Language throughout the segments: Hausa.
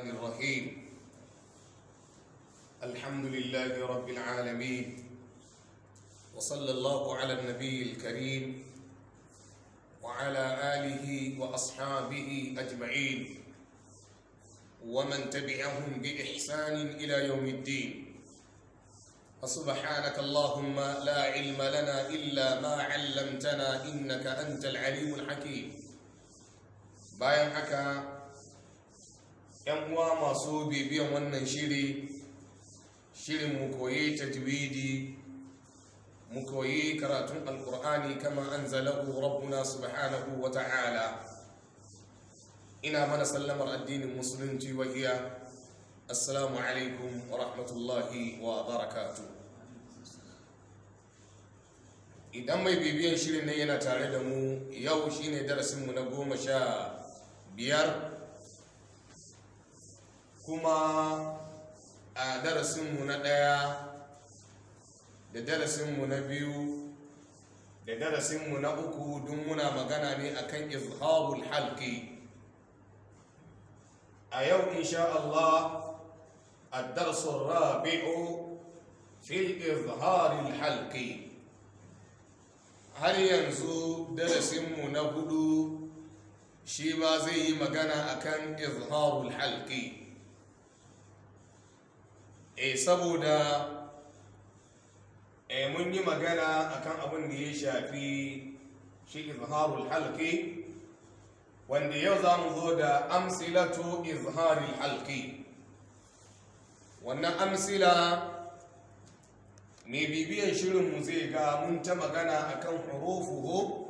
الرحمن الرحيم الحمد لله رب العالمين وصلى الله على النبي الكريم وعلى آله وأصحابه أجمعين ومن تبعهم بإحسان إلى يوم الدين فسبحانك اللهم لا علم لنا إلا ما علمتنا إنك أنت العليم الحكيم بايعك yan uwa masu bibiyan wannan shiri shirin mu koyi tajwidi mu koyi karatun alkur'ani kama an zalahu rabbuna subhanahu wa ta'ala ina mana sallamar addinin musulunci wa iya assalamu alaikum wa rahmatullahi wa barakatu idan mai bibiyan shirin ne yana tare da mu yau shine darasinmu na goma sha biyar kuma a darasinmu na ɗaya da darasinmu na biyu da darasinmu na uku don muna magana ne akan izharul halki a yau insha Allah darasin Rabi'u في الإظهار Halki. har yanzu darasinmu na hudu shi ba zai yi magana akan izharul halki eh saboda e mun yi magana akan abin da ya shafi shi izharul Halki, wanda yau za mu zo da amsilatu izharul Halki? wannan amsila mai bibiyan shirin mu zai ga mun ta magana akan hurufuhu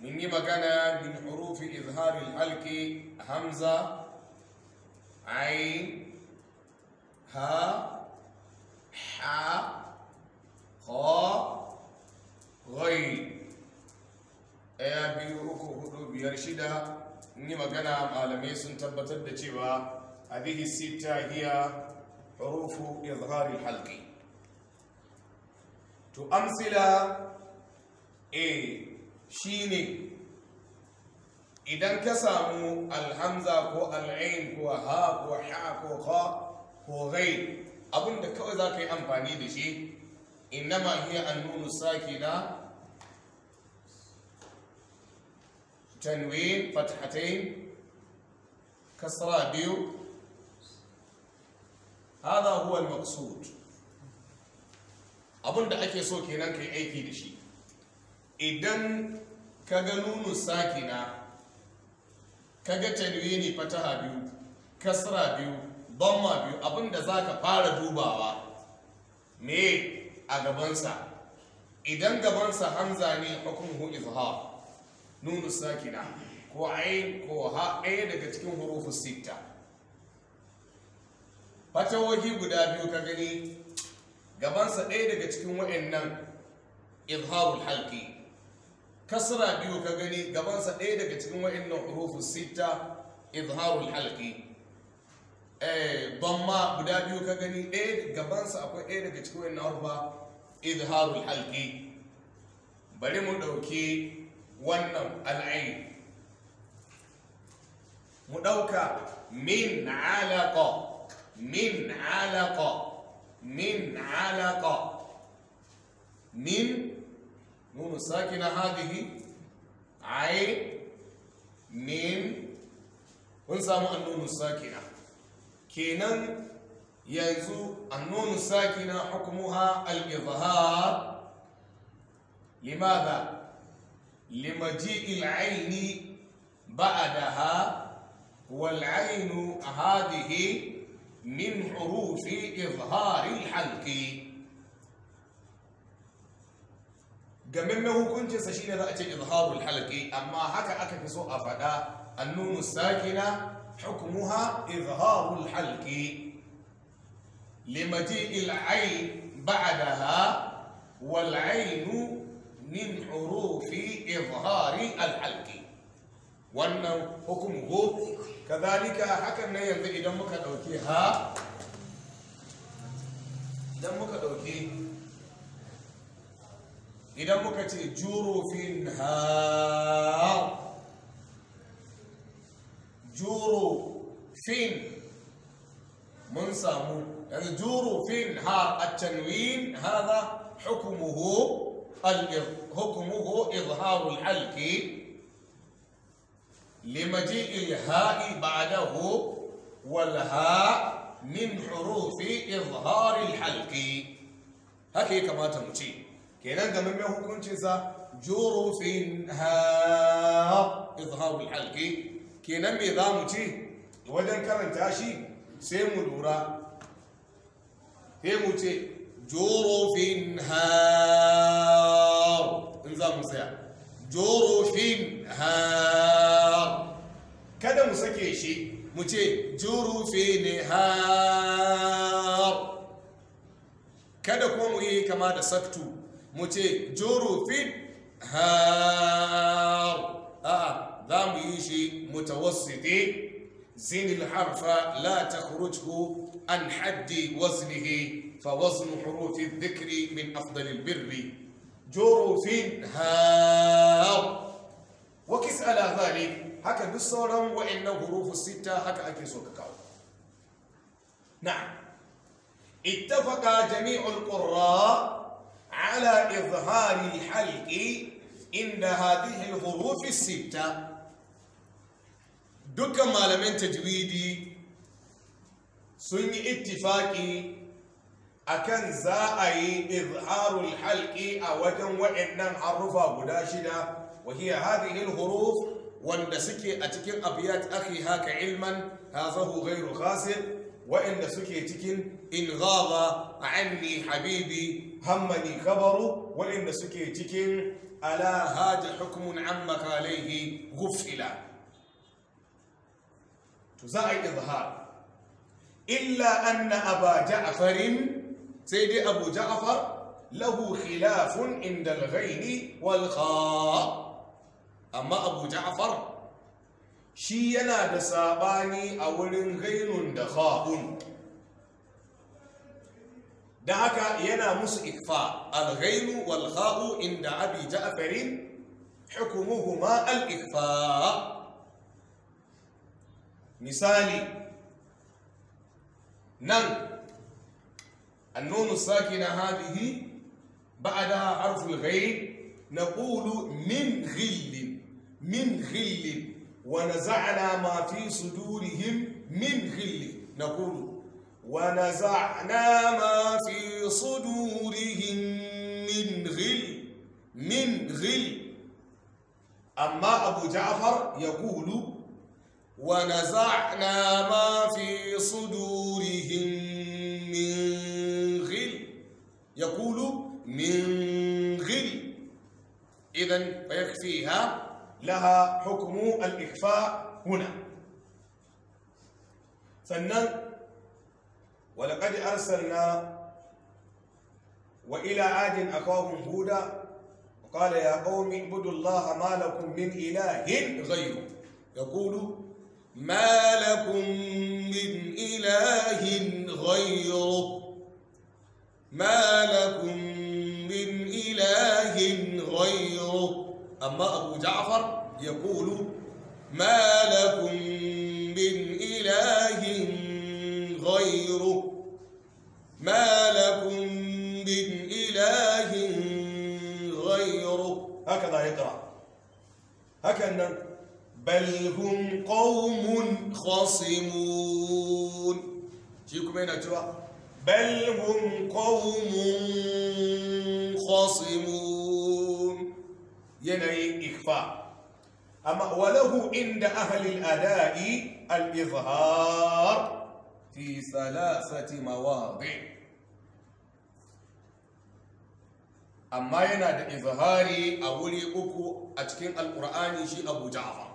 mun yi magana min hurufi izharul halqi hamza Ayi. ها ح خ غي ɗaya biyu uku hudu biyar shida ni magana malamai sun tabbatar da cewa hadhihi sita hiya hurufu izhari halqi to amsila a shine idan ka samu alhamza ko al'ain ko ha ko ha ko ko abinda kawai za ka yi amfani da shi innama hiya an nunu na? tanwin fathatain kasra biyu hada huwa al-maqsud abin da ake so kenan kai aiki da shi idan ka ga nunu na, ka ga ne fataha biyu kasra biyu ma biyu abinda za ka fara dubawa me a gabansa idan gabansa hamza ne hukumu ha nunu sakina ko ayin ko ha ɗaya daga cikin hurufu sita fatawohi guda biyu ka gani gabansa ɗaya daga cikin wa'annan izharul halki kasra biyu ka gani gabansa ɗaya daga cikin wa'annan hurufu sita izharul halki Eh, ban ma guda biyu ka gani ɗaya gabansa akwai ɗaya daga cikin wani harfa izharul halki bari mu ɗauki wannan al'ain mu ɗauka min alaƙa min alaƙa min alaƙa min nunu na hadihi ai min kun samu annunu sakina kenan yanzu annonu sakina hukumuha al-izhar limadha limaji'i al-aini ba'daha wal ainu hadhihi min hurufi izhar al-halqi gamemmen hukuncinsa shine za a ce izharul halqi amma haka aka fi so a faɗa annonu sakina حكمها إظهار الحلق لمجيء العين بعدها والعين من حروف إظهار الحلق وأن حكمه كذلك حكمنا ينزل إذا مكدوكيها idan muka ɗauki idan muka ce jurufin فين من صامو الجور يعني فين ها التنوين هذا حكمه حكمه إظهار الحلق لمجيء الهاء بعده والهاء من حروف إظهار الحلق هكي كما تمشي kenan ga mamman hukuncinsa jurufin ha izharul halqi kenan me za mu ci wajen karanta shi sai mu lura sai mu ce jorofin har in za mu saya jorofin har kada mu sake shi mu ce jorofin har kada kuma mu yi kama da saktu mu ce jorofin har a'a za mu yi shi mutawassiti زين الحرف لا تخرجه عن حد وزنه فوزن حروف الذكر من أفضل البر جروف هاو وكس على ذلك هكا بالصورة وإن حروف الستة هكا أكيسو كاو نعم اتفق جميع القراء على إظهار الحلق عند هذه الحروف الستة dukkan malamin tajwidi sun yi ittifaki akan za a yi izharul halki a wajen waɗannan harufa guda shida wahiya hadhihi huruf wanda suke a cikin abiyat akhi haka ilman hazahu ghairu khasir waɗanda suke cikin in ghaba anni habibi hammani khabaru waɗanda suke cikin ala haja hukmun amma kalaihi gufila to za a yi izhar illa anna aba ja'farin sai dai abu ja'far lahu khilafun inda al-ghaini wal amma abu ja'far shi yana da sabani a wurin ghainun da kha'un da haka yana musu ikfa al-ghainu wal kha'u inda abi ja'farin hukumuhuma al-ikfa misali nan annunu saki na haɗihi ba a daha harfin rai na ƙulu min ghillin min ghillin wani za'ana mafi su durihim min ghillin na ƙulu wani za'ana mafi su durihim min ghillin min ghillin amma abu ja'afar ya kulu. ونزعنا ما في صدورهم من غل يقول من غل إذا فيكفيها لها حكم الإخفاء هنا فنن ولقد أرسلنا وإلى عاد أخاهم هودا وقال يا قوم اعبدوا الله ما لكم من إله غيره يقول ما لكم من إله غيره ما لكم من إله غيره أما أبو جعفر يقول ما لكم من إله غيره ما لكم من إله غيره هكذا يقرأ هكذا بل هم qaumun khasimun shi kuma yana cewa bal hum qaumun khasimun yanayin ikfa amma walahu inda ahli a adai al-izhar fi thalathati amma yana da izhari a wuri uku a cikin alkur'ani shi Abuja.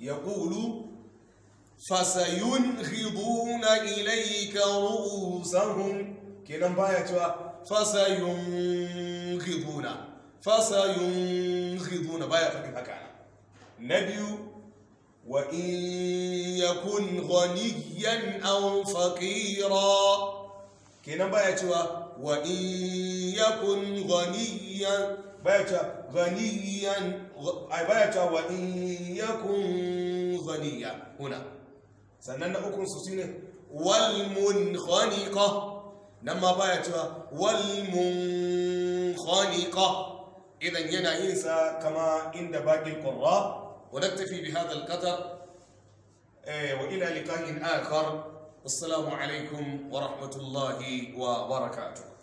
يقول فسينغضون إليك رؤوسهم كلام باية فسينغضون فسينغضون باية فكيف نبي وإن يكن غنيا أو فقيرا كلام باية وإن يكن غنيا بايتا غنيا بايتا وإن يكن غنيا هنا سنن أكون سوسين والمنخنقة لما بايتا والمنخنقة إذا ينا انسى كما عند باقي القراء ونكتفي بهذا القدر إيه، وإلى لقاء آخر السلام عليكم ورحمة الله وبركاته